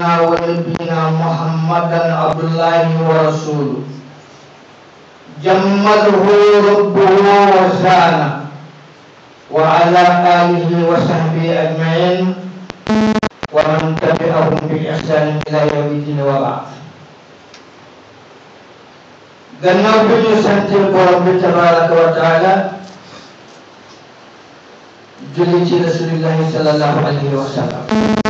ونبينا محمدا عبد الله ورسوله جمده ربه وسانه وعلى آله وصحبه أجمعين ومن تبعهم بإحسان إلى يوم الدين وبعد Ganau bin santir تبارك وتعالى wa رسول الله صلى الله عليه وسلم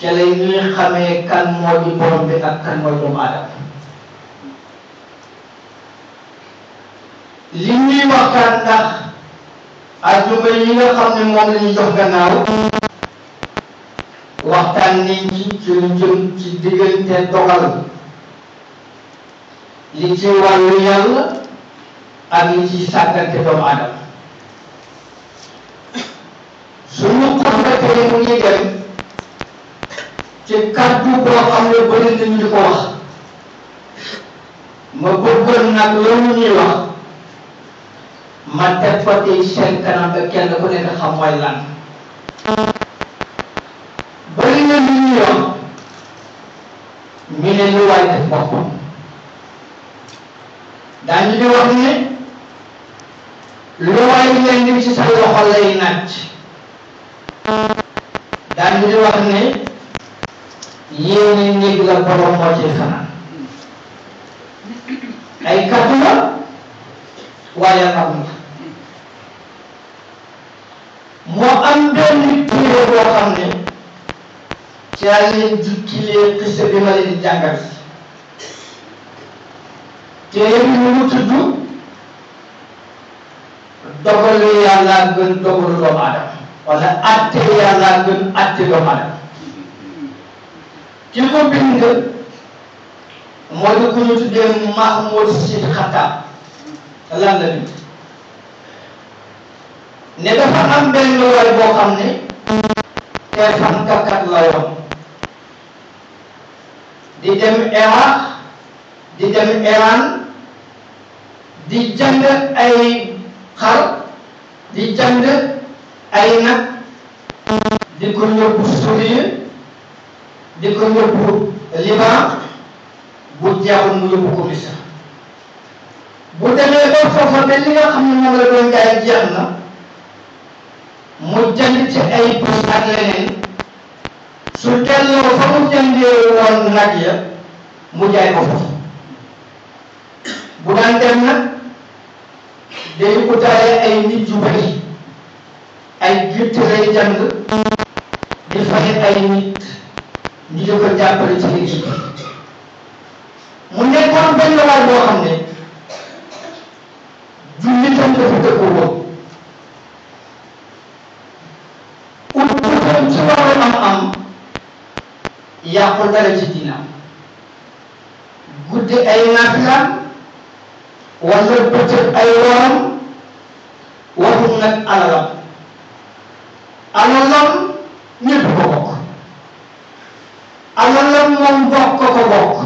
ca lay ñuy kan moo di borom bi ak kan mooy doomu aadama li ñuy waxtaan ndax àjjuma yi nga xam ne moom jox gannaaw waxtaan nit ñi ci jëm ci diggante dogal li ci ak li ci suñu mu ci kàddu boo xam ne bëri nañu di ko wax ma bëggoon nag loolu ñuy wax ma teg ko tey seen kanam ba kenn ku nekk xam mooy lan. bëri na lu ñuy wax ñu ne lu waay def boppam daañu di wax ne lu waay leen di ci sa loxo lay naaj daañu di wax ne. yéene néeg la borom moo ci fanaan ay kaddu la waaye am la moo am benn boo xam ne ci laa leen di kilee bi ma leen di jàngal si téere bi mu ngi tudd dogalu yàllaa gën dogalu doomu aadama wala atte yàllaa gën atte doomu aadama ki ko bind mooy ku ñu tuddee Mahmoud Sy Khattab lan la bind ne dafa am benn waay boo xam ne te fànkakat la woon di dem Iraq di dem Iran di jënd ay xar di jënd ay nag di ko yóbbu Suuriya di ko yóbbu Liban bu jeexul mu yóbbu ko Misra bu demee ba foofa mel li nga xam ne moom la doon jaay jeex na mu jënd ci ay bés ak leneen su delloo fa mu jëndee woon nag ya mu jaay ko foofu bu daan dem nag day utaale ay nit yu bëri ay gitt lay jënd di fay ay nit. ñu di ko jàppale ci liggéey bi mu nekkoon benn waay boo xam ne jullitam dafa dëkku woon ututam ci wàllu am-am yàqu dara ci diina guddi ay naafilaam wala bëccëg ay wooram waxum nag alalam alalam ñëpp ko kan moom bokk ko bokk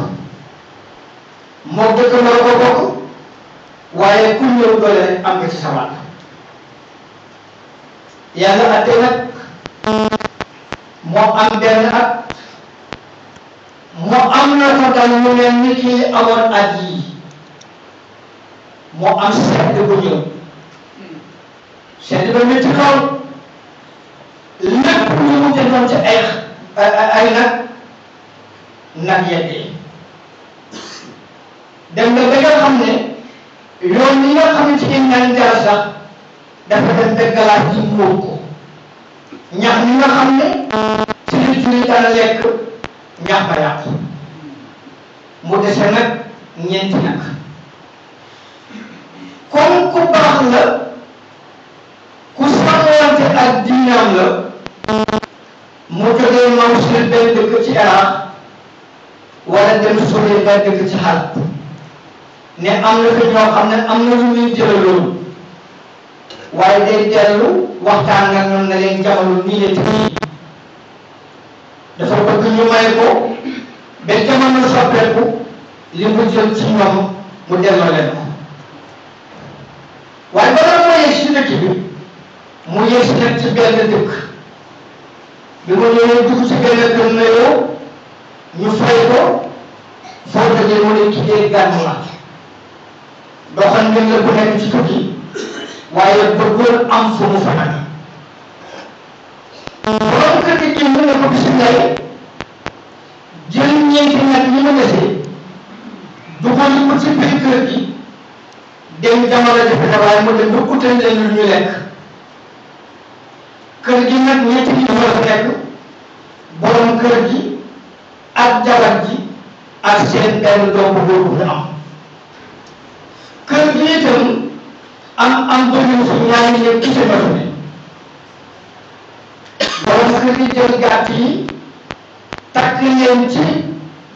moo dëkk loo ko bokk waaye ku ñëw doole am ci sa wàll yàlla atte nag am benn at mo am na ko tam mu mel ni kii amoon at yii moo am sedd bu ñëw sedd ba métti lool lépp lu mu defoon ci ay ay nag nag yeggee dem ba xam ne yoon yi nga xamante ni ñaan jaar sax dafa dem dëggalaat ci mbóob ko ñax mi nga xam ne ci li julli dana lekk ñax ba yàqu mu dese nag ñeenti nag comme ku baax la ku sàmmante ak diinaam la mu jógee Mawsil benn dëkk ci Iraq wala dem suulee nga dëkk ci xar ne am na fi ñoo ne am na lu muy loolu waaye day dellu waxtaan nga ñoom ne leen jamono nii la tëddee dafa bëgg ñu may ko ba jamono soppeeku li mu jël ci ñoom mu delloo leen ko waaye ba doon moo yegg si dëkk bi mu yegg si nag ci benn dëkk bi mu ñëwee dugg ci benn dëkk na yow ñu fay ko soo mu ne kii dee gànn la doxal ngeen la bu ci tukki waaye bëggoon am fu mu fanaan borom kër gi mën na ko bisimilah jël ñeenti nag ñu ma dese dugal ko ci biir kër gi dem jamono jafe na waaye mu dem ba utal leen lu lekk kër gi ñetti nit ñoo fa nekk borom kër gi. ak jabar ji ak seen benn doom bu góor bu am kër gi itam am am bëriwul si ñaari ñëpp ci seen oto borom kër gi jël gàtt yi takk leen ci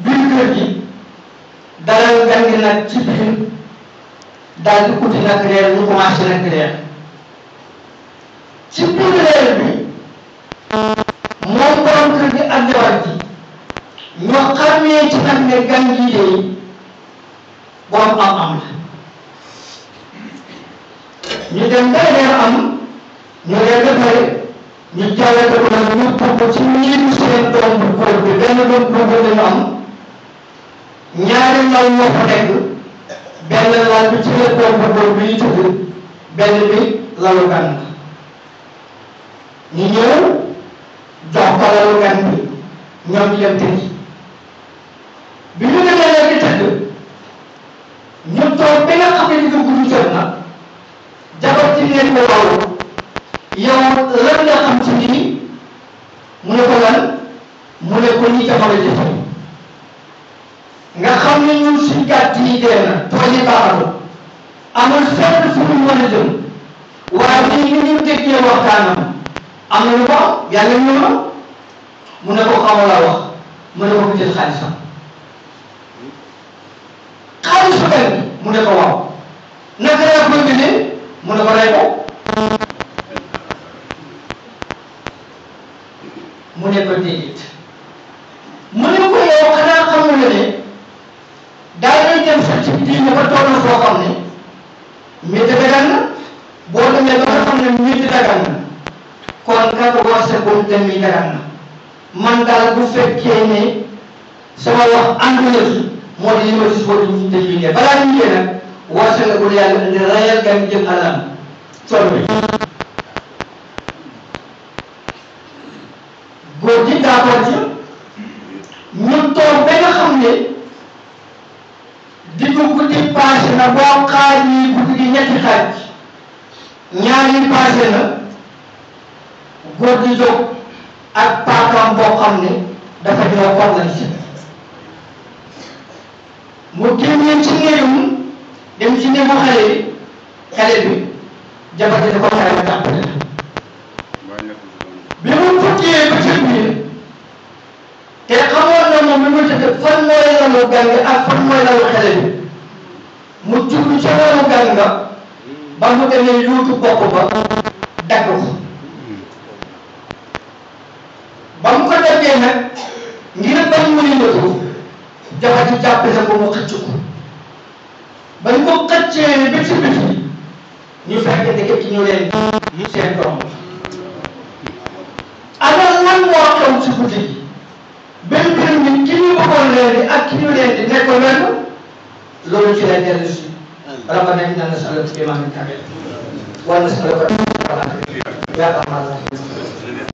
biir kër gi dalal gan gi nag ci biir daal di nag reer ñu commencé nag reer ci biir reer bi moom borom kër gi ak jabar ji ñu xamee ci nag ne gan gi de borom am-am la ñu dem ba leer am ñu leer ba pare ñu ñu dugg ci ñiiru seen doom bu góor bi benn doom bu góor lañu am ñaari lal moo fa nekk benn lal bi ci la doom bu góor bi ñu tudd benn bi lalu gan ñu ñëw jox ko lalu gan bi ñoom ñu dem bi ñu demee léegi ñu tëdd ñu toog ba nga xam ne ñu dugg ñu ne ko waaw yow lan nga xam ci nit ko lan mu ne ko ñi jamono jëfe nga xam ne ñun suñ gàtt yi dee na tool yi baaxul amul fenn fu ñu mën a jëm waaye ñu déggee waxtaanam am na lu ko yàlla ñu ma mu ne ko xamalaa wax mu ne ko jël xaalisam am sukkandiku mu ne ko waaw naka laa koy bindee mu ne ko rey ko mu ne ko déedéet mu ne ko yow xanaa xamul ne daal day dem sax ci diine ba toll foo xam ne métti dagan na boo demee ba nga xam ne métti dagan na kon nga ko war sa góob dem yi na man daal bu fekkee ne sama wax àndu moo di ñu ci suba ñu tëj bi balaa ñu ñëwee nag woote la bu yàlla indi rayal gan jëm alalam sonn bi. góor gi d'accord ci ñu toog ba xam ne di guddi passé na boo xaaj guddi gi ñetti xaaj ñaar yi na góor gi jóg ak paakaam boo xam ne dafa jox war na ci mu génn leen ci néegam dem ci néegu xale bi xale bi jabar ji dafa xale bi jàppale la bi mu fukkee ba ci biir te xamoon na mu tëdd fan mooy lalu gàng ak fan mooy lalu xale bi mu jublu ca lalu gàng ba mu demee yuutu bopp ba dagg ba mu ko daggee nag ngir bañ mu yëngatu waa ji jàpp na ko mu xëcc ko ba ñu ko xëccee ba ci biti ñu fekk ndeket yi ñu leen ñu seen doom ana lan moo xew ci guddi gi ba mi ki ñu bëggoon leen ak ki ñu leen di nekkoon leen loolu ci la dellu si rabbana inna nasaluka bi ma min tabil wa nasaluka bi ma min tabil yaa arhamar rahimin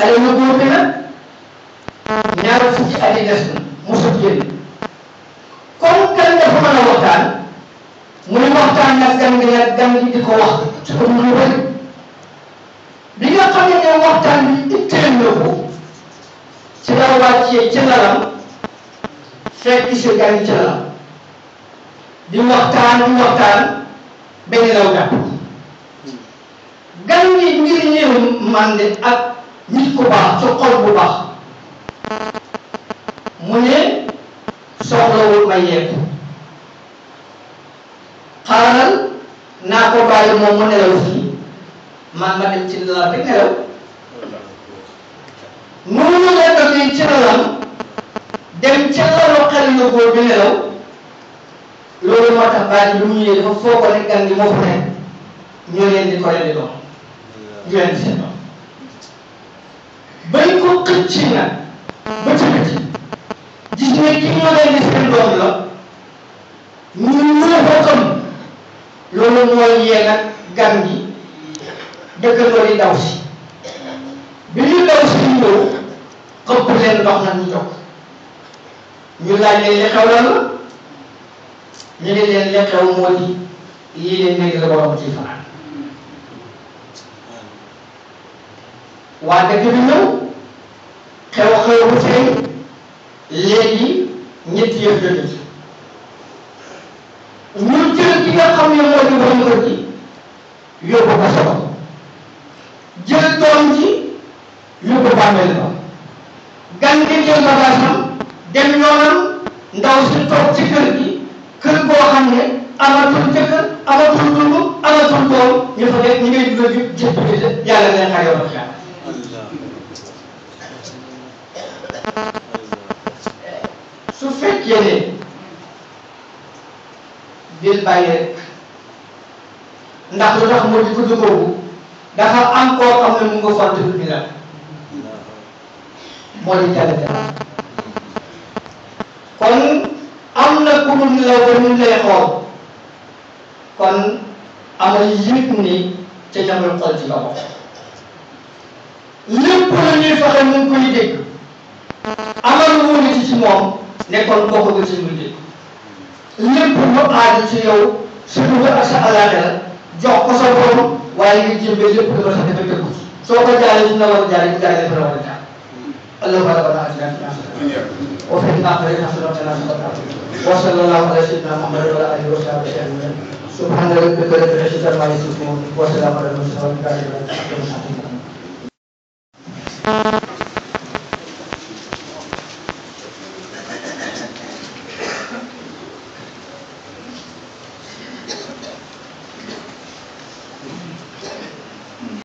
xale yu góor bi nag ñaar fukki at yi des na mosut génn comme kan dafa mën a waxtaan mu ne waxtaan nag gan nga yàgg gan gi di ko wax su ko mën a bëri bi nga xam ne ne waxtaan bi itteel na ko ci la wàccee ci lalam fekk si gan ci lalam di waxtaan di waxtaan benn law jàpp gan gi ngir ñëw mande ak nit ku baax ci bu baax mu ne soxlawul ma yeeku xaaral naa ko bàyyi moom mu nelaw fii maa nga dem ci lala bi dem ci lalu xel yu góor nelaw loolu moo tax bàyyi lu mu ñëwee dafa foogoo ne gan gi moo ko nekk ñoo leen di ko di doon ñu bañ ko xëcc na ba ca xëcc gis ki ñu mënee gis seen doom la ñu mën a ko xam loolu mooy yee nag gan gi dëkkandoo di daw si bi ñu daw si ñëw xëpp leen ndox nag ñu jóg ñu laaj leen li xew lan la ñu ne leen li xew moo di lii leen nekk la borom ci waaye k xew-xew bu tey léegi ñetti y f j ë n ci ñu jël ki nga xam ne moo di w n ñ ñ i ji yóbbu ko solo jël doom ji yóbbu bàmmeel ba gan gi jël bagage am dem yoonam ndaw si toog ci kër gi kër g o o xam ne amatul jëkkër amatul dund amatul doom ñu fa def ñu ngay dugal jëpp j i p p yàlla leen xayoo ba su fekkee ne del bàyyi rek ndax lu tax moo di guddi googu dafa am koo xam ne mu nga fàtte bi la moo di jàllale kon am na ku dul nelaw ba ñu lay kon amal yëg ni ca jamono xol ci la bokk lépp la ñuy fexe mu dégg amadu mu ci ci moom nekkoon bokk nga seen liggéey lépp lu aaju ci yow sa dugg ak sa alaaka jox ko sa borom waaye nga jëmbee lépp dama sa defee dëkku soo ko jaaree su la war a jaaree ñu jaaree fa la war a jaar الله تعالى وعلى آله وفي الناقل إلى صراط الله وصلى الله على سيدنا محمد وعلى آله وصحبه أجمعين سبحان ربك رب العزة عما يصفون وسلام على المرسلين والحمد لله رب العالمين